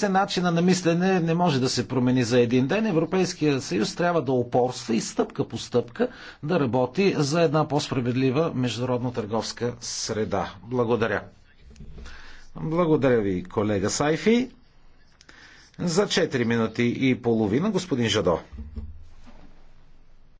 се начина на мислене не може да се промени за един ден. Европейския съюз трябва да опорства и стъпка по стъпка да работи за една по-справедлива международна търговска среда. Благодаря. Благодаря ви, колега Сайфи. За 4 минути и половина господин Жадо.